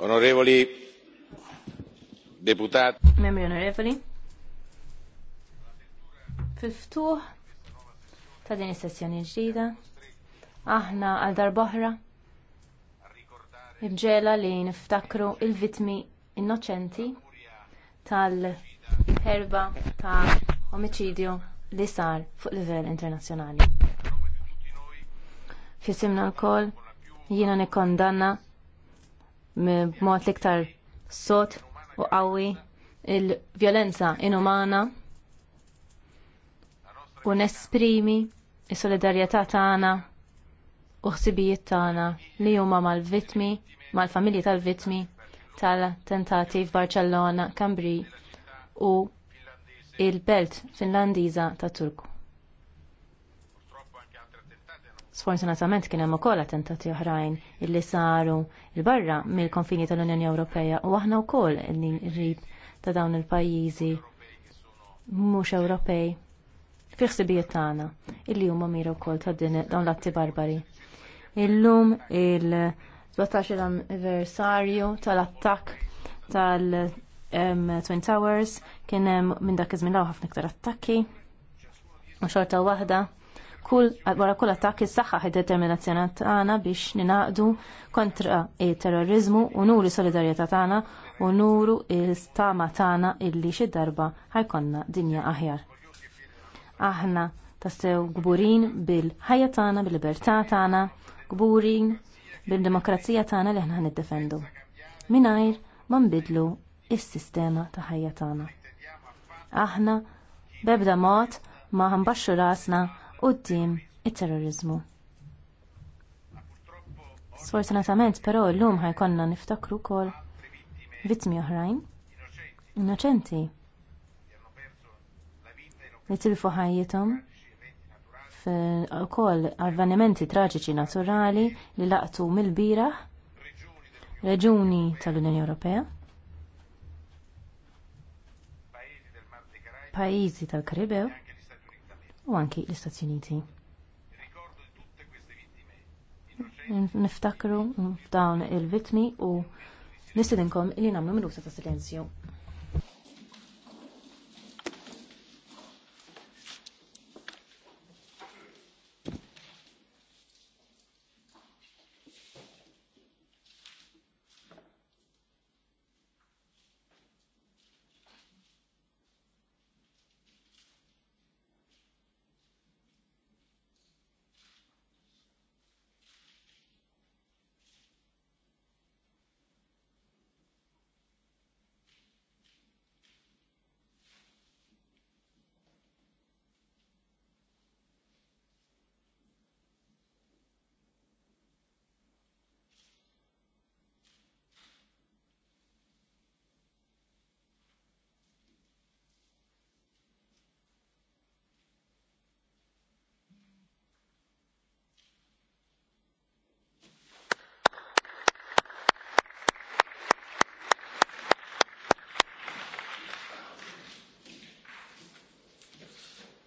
Onorevoli deputati. Membri onorevoli. Fil-ftuħ ta' din is-sessjoni ġdida, aħna għal darboħra imġela li niftakru il-vitmi innoċenti tal-ħerba ta' omicidju li sar fuq livell internazzjonali. Fisimna l-kol jiena nikkondanna b'mod liktar sot u qawwi il-vjolenza inumana u nesprimi il solidarjetà tagħna u ħsibijiet tagħna li huma mal-vittmi, mal-familji tal-vittmi tal-attentati f'Barċellona, Cambri u il-Belt Finlandiża ta' Turku. Sfortunatament kien hemm ukoll attentati oħrajn illi saru il-barra mill-konfini tal-Unjoni Ewropea u aħna wkoll qegħdin rib ta' dawn il-pajjiżi mhux Ewropej fi ħsibijiet tagħna illi huma mira wkoll ta' din dawn l-atti barbari. Illum il-17 anniversarju tal-attakk tal-Twin Towers kien hemm minn dak iż-żmien ħafna iktar attakki u xorta waħda kull wara kull attakk is-saħħaħ id-determinazzjoni tagħna biex ninaqdu kontra terrorizmu u nuru solidarjetà tagħna u nuru l-istama tagħna illi xi darba ħajkonna dinja aħjar. Aħna tassew gburin bil-ħajja tagħna, bil-libertà tagħna, gburin bil-demokrazija tagħna li aħna niddefendu. Mingħajr ma nbidlu is-sistema ta' ħajja tagħna. Aħna bebda mod ma ħambaxxu rasna quddiem it-terrorizmu. Sfortunatament però llum ħajkonna niftakru wkoll vittmi oħrajn innoċenti li tilfu ħajjithom f'ukoll avvenimenti traġiċi naturali li laqtu mill-bieraħ reġuni tal-Unjoni Ewropea pajjiżi tal-Karibew u anki l-Istati Uniti. Niftakru f'dawn il-vitmi u nistedinkom il li namlu minuta ta' silenzju.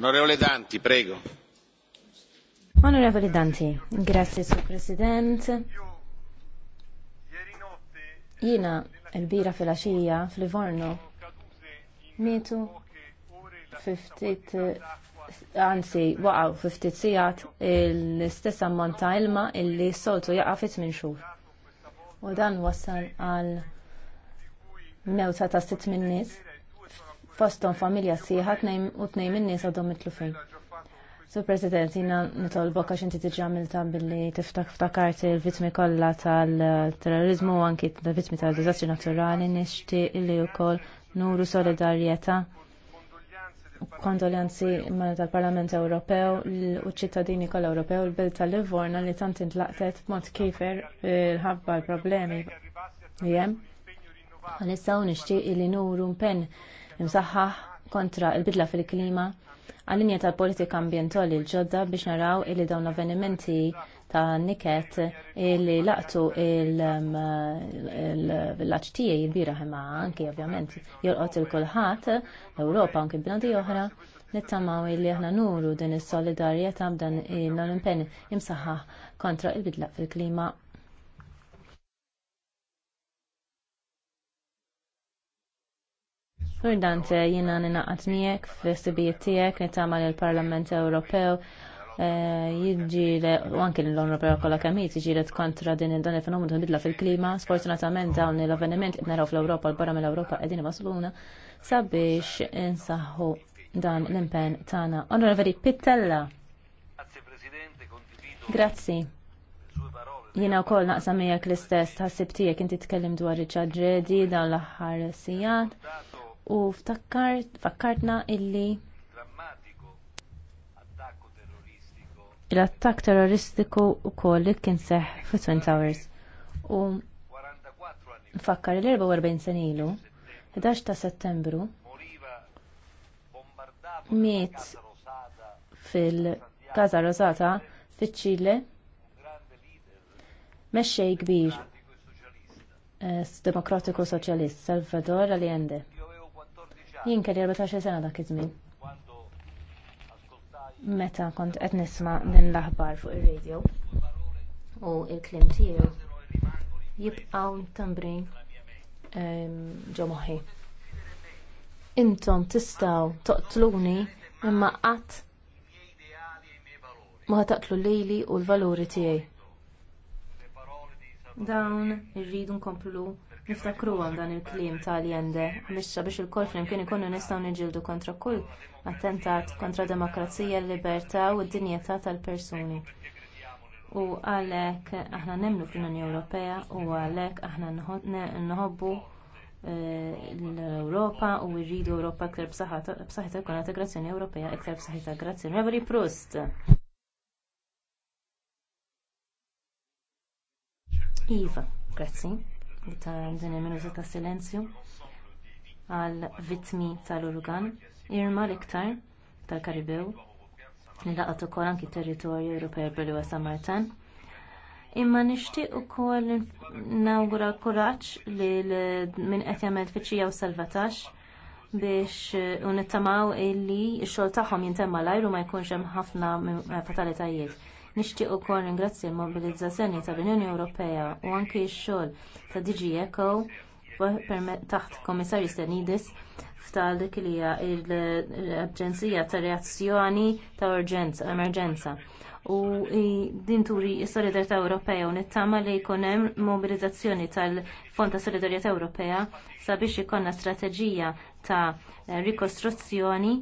Onorevole Danti, prego. Onorevole Danti, grazie Sur President. Jina il-bira fil-axija fil mietu fiftit għansi waqaw fiftit sijat l-istess ammont ta' ilma illi soltu jaqafit minn xhur. U dan wassal għal mewta ta' sitt minn nies fostom familja sieħa u tnejn minn nies għadhom mitlu fejn. Sur President, jina nitolbok għax inti t-ġamil għamilta billi tiftak ftakart l vitmi kollha tal-terrorizmu u anki ta' vitmi tal-dizastri naturali illi u wkoll nuru solidarjetà kondoljanzi tal-Parlament Ewropew u ċittadini kolla Ewropew l belt tal-Livorna li tant intlaqtet b'mod kifer ħabba l-problemi. Jem, għalissaw nixtieq li nuru mpenn imsaħħaħ kontra il-bidla fil-klima għal-linja tal-politika ambientali l-ġodda biex naraw illi dawn l-avvenimenti ta' niket illi laqtu l-laċtija jibira ħema anki ovvjament jolqot il-kulħat Ewropa anki bnadi oħra nittamaw illi aħna nuru din is-solidarjetà b'dan il impenn imsaħħaħ kontra il-bidla fil-klima Ferdante, jina ninaqat miegħek fl-istibijiet tiegħek nitgħamal il-Parlament Ewropew eh, jiġi u anke l-Ewropew kollha kemm jiġilet kontra din dan il-fenomenu bidla fil-klima. Sfortunatament dawn l-avveniment qed naraw fl-Ewropa l barra mill-Ewropa qegħdin iwasluna sabiex insaħħu dan l-impenn tagħna. Onorevoli Pittella. Grazzi. Jina u koll naqsa miegħek l-istess ħassib tiegħek inti tkellim dwar Richard dan dawn l-aħħar sijad u fakkartna illi l-attak terroristiku u koll li kien seħ fi Twin Towers. U nfakkar l-44 senilu, 11 ta' settembru, miet fil kaza Rosata fi ċile mexxej kbir eh, demokratiku soċjalist Salvador Allende. Jien kelli 14 sena dak iż-żmien. Meta kont qed nisma' din l-aħbar fuq ir-radio u l-klim tiegħu jibqgħu tambrin ehm, ġo moħħi. Intom tistgħu toqtluni imma qatt ma taqtlu lili u l-valuri tiegħi. Dawn irridu nkomplu Niftakru għal dan il-klim tal-jende, għamisċa biex il-kol flimkien ikunu nistgħu niġildu kontra kull attentat kontra demokrazija, l-libertà u d-dinjetà tal-persuni. U għalhekk aħna nemlu fl-Unjoni Ewropea u għalhekk aħna nħobbu eh, l-Ewropa u rridu Ewropa iktar b'saħħitha kun integrazzjoni Ewropea iktar b'saħħitha. Grazzi. Reverie Prust. Iva, grazzi ta' din il-minuta ta' silenzju għal vittmi tal-urgan Irma l-iktar tal-Karibew li laqgħet ukoll anki territorju Ewropew bil San Martin. Imma nixtieq ukoll nawgura kuraġġ li min qed jagħmel tfittxija u salvataġġ biex unittamaw illi x-xogħol tagħhom jintemm malajr u ma jkunx hemm ħafna fatalitajiet Nixtieq ukoll ringrazzi l-mobilizzazzjoni tal-Unjoni Ewropea u anke x-xogħol ta' DG Echo taħt Komissarju Stenidis f'tal dik li hija l-Aġenzija ta' Reazzjoni ta' Urġenza, Emerġenza u din turi s-Solidarjetà Ewropea u nittama li jkun hemm mobilizzazzjoni tal-Fond ta' Solidarjetà Ewropea sabiex ikonna strateġija ta' rikostruzzjoni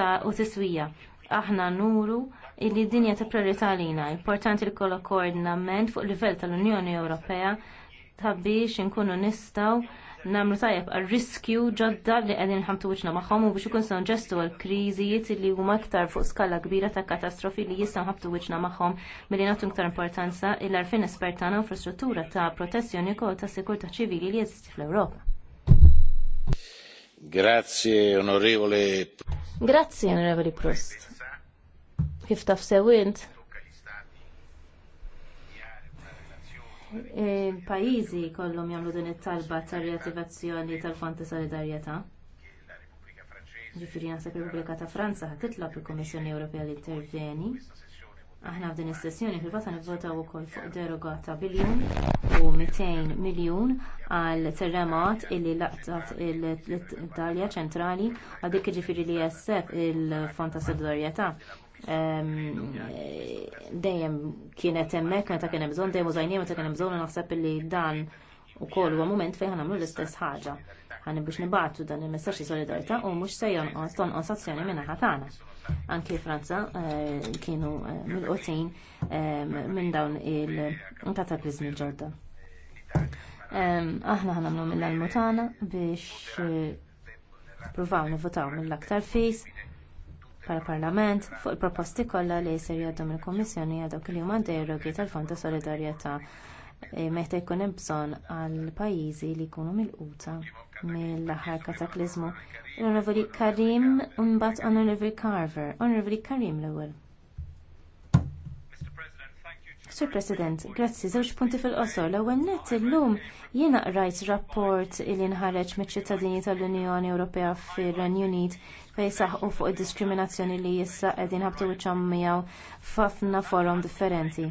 ta' u tiswija aħna nuru illi dinja ta' priorità lina. Importanti li kollha koordinament fuq livell tal-Unjoni Ewropea ta' biex inkunu nistgħu nagħmlu tajjeb għal riskju ġodda li qegħdin ħamtu wiċċna magħhom u biex ikun se għal kriżijiet li huma aktar fuq skala kbira ta' katastrofi li jista' nħabtu wiċċna magħhom milli nagħtu aktar importanza il għarfien espert tagħna infrastruttura ta' protezzjoni kol ta' sikurta ċivili li jeżisti fl-Ewropa. Grazie onorevole. Grazie onorevoli Prost kif taf il e, pajizi kollom jamlu din it-talba tar reattivazzjoni tal-Fond ta' Solidarjetà. Ġifieri naħseb repubblika ta' Franza ħad titlob il-Kummissjoni Ewropea li interveni. Aħna f'din is-sessjoni fil-fatt nivvotaw ukoll fuq deroga ta' biljun u 200 miljun għal terremot illi laqtat l-Italja ċentrali għal dik ġifieri li jessef il-Fond ta' Solidarjetà dejjem kienet hemmhekk meta kien hemm bżonn dejjem użajnija meta kien hemm bżonn naħseb li dan ukoll huwa mument fejn nagħmlu l-istess ħaġa. Ħan biex nibgħatu dan il-messaġġ ta' solidarità u mhux se jonqos tonqos azzjoni minn naħa tagħna. Anki Franza eh, kienu eh, mill-qotin eh, minn dawn il-kataklizmi ġodda. Aħna ħanamlu mill-almutana biex provaw nivotaw mill-aktar fis bħala Parlament fuq il-proposti kollha li jsir jgħaddu mill-Kummissjoni għal dawk li huma derogi tal-Fond ta' Solidarjetà e, meta jkun hemm bżonn għal pajjiżi li jkunu milquta mill-aħħar kataklizmu. Onorevoli Karim u mbagħad Onorevoli Carver. Onorevoli Karim l-ewwel. Sur President, grazzi, żewġ punti fil-qosor. L-ewwel nett illum jiena qrajt rapport li nħareġ miċ-ċittadini tal-Unjoni Ewropea fir-Renju Unit fejn saħqu fuq id-diskriminazzjoni li issa qegħdin ħabtu wiċċhom miegħu f'ħafna forom differenti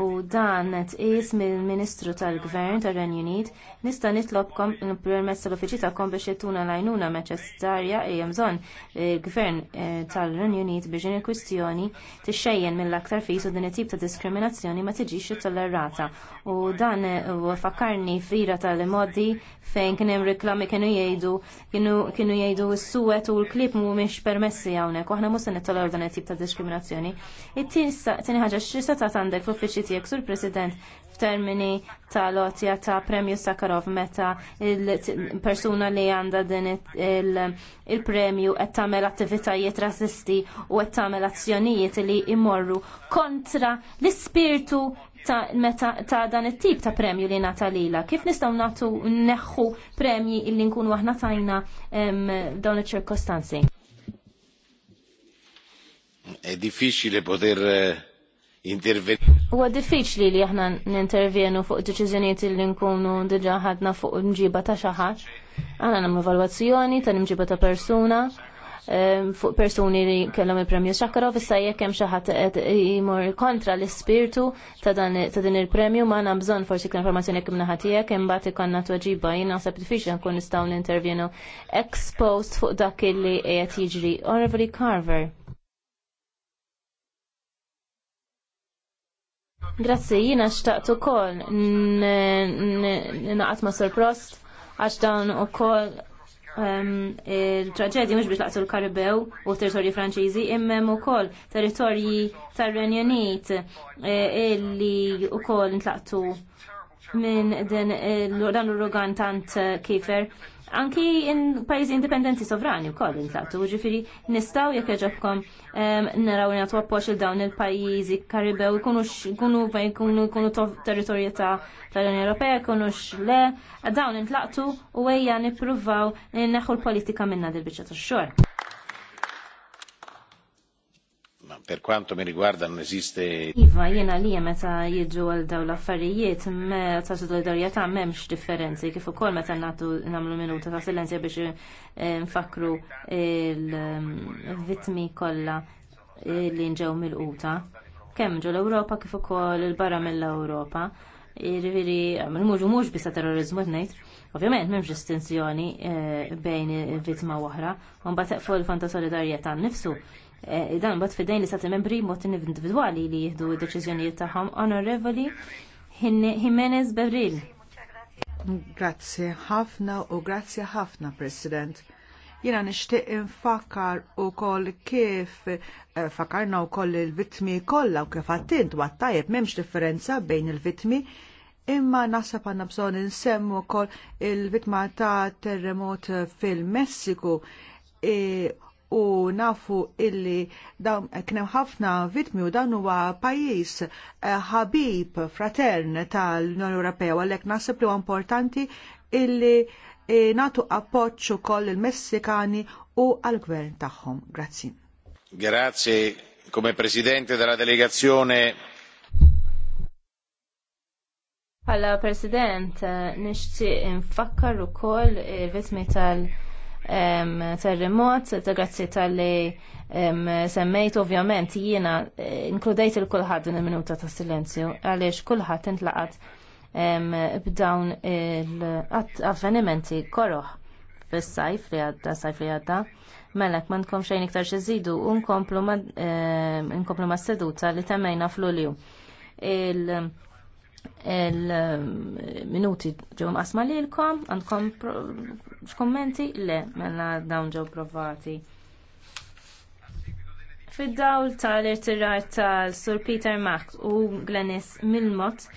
u dan is mill-Ministru tal-Gvern tar-Renju Unit nista' nitlobkom il-permess tal-Uffiċċju tagħkom biex ittuna l-għajnuna neċessarja e hija bżonn il-Gvern eh, tal-Renju Unit biex din il-kwistjoni tixxejjen mill-aktar fis u din it-tip ta' diskriminazzjoni ma tiġix tollerata u dan eh, fakkarni fira tal-modi fejn kien hemm riklami kienu jgħidu kienu jgħidu s-suwet u l-klib mhumiex permessi hawnhekk u aħna mhux se nittollew dan it-tip ta' diskriminazzjoni. It-tieni ħaġa x'istat għandek fl-uffiċċju l tiegħek sur President f'termini ta' lotja ta' Premju Sakharov meta il-persuna li għandha din il-premju qed tagħmel attivitajiet rasisti u qed tagħmel azzjonijiet li jmorru kontra l-ispirtu ta', meta, ta dan it-tip ta' premju li nata lila. Kif nistgħu nagħtu neħħu premji illi nkunu aħna tajna dawn iċ-ċirkostanzi? È difficile poter eh, intervenu. Huwa diffiċli li aħna nintervjenu fuq deċiżjonijiet li nkunu diġà ħadna fuq nġiba ta' xi Għana Aħna nagħmlu evalwazzjoni tal ta' persuna ehm, fuq persuni li kellhom il-premju Sakharov issa jekk hemm xi ħadd qed jmur kontra l-ispirtu ta' din il-premju ma għandna bżonn forsi kien informazzjoni jekk imnaħa tiegħek imbagħad ikollna tweġiba jien naħseb diffiċli nkun nistgħu nintervjenu ex post fuq dak illi qed jiġri. Orvely Carver. Grazzi, jina xtaqt u kol naqat ma sorprost għax dawn u kol il-traġedi mux biex laqtu l-Karibew u territorji franċiżi immem u kol territorji tar-Renjonit e, illi u kol n-tlaqtu minn dan l-urgan tant kifer anki in pajjiżi indipendenti sovrani wkoll intlaqtu, ġifiri nistgħu jekk eġabkom ehm, naraw nagħtu appoġġ il dawn il-pajjiżi Karibew ikunu jkunu jkunu territorju ta' tal-Unjoni Ewropea, jkunux le, dawn intlaqtu u ejja nippruvaw neħu l-politika minna dil-biċċa tax-xogħol. per quanto mi riguarda non esiste. Iva, jena li meta jidġu għal daw l-affarijiet, meta solidarieta memx differenzi, kif ukoll meta natu namlu minuta ta' silenzja biex eh, nfakru il-vitmi kolla li nġew mill-quta. ġu l Ewropa kif ukoll il-barra mill-Ewropa. Irviri, jiġifieri, mux mux bisa terrorizmu t Ovvijament, memx distinzjoni eh, bejn vitma u oħra, un bat fuq l fanta solidarieta nifsu Eh, dan bat fidejn li stati membri mot individwali li jihdu deċiżjonijiet tagħhom. Onorevoli Jimenez Berril. Grazzi ħafna u grazzi ħafna, President. Jena nishtiq infakkar u koll kif eh, fakarna u koll il-vitmi kolla u kif għattint u għattajib memx differenza bejn il-vitmi imma nasab għanna bżon nsemmu kol il-vitma ta' terremot fil-Messiku eh, u nafu illi dawn kienem ħafna vitmi u dan huwa pajjiż eh, ħabib fratern tal-Unjoni Ewropea għalhekk naħseb li huwa importanti illi eh, natu appoġġ ukoll il-Messikani u għall-gvern tagħhom. Grazzi. Grazie come presidente della delegazione Alla President, nixtieq infakkar ukoll il-vitmi tal- terremot, ta' grazzi tal-li semmejt ovvjament jiena eh, inkludejt il-kulħadd din il-minuta ta' silenzju għaliex kulħadd intlaqat b'dawn il-avvenimenti koroħ fis-sajf li għadda, sajf li għadda, mellek ma nkom xejn iktar xizidu, unkomplu ma seduta li temmejna fl-ulju. Il-minuti ġew asma li l-kom, għandkom x'kommenti? Le, mela dawn ġew provati. Fid-dawl tal-irtirar tal-Sur Peter Max u Glenis Milmot,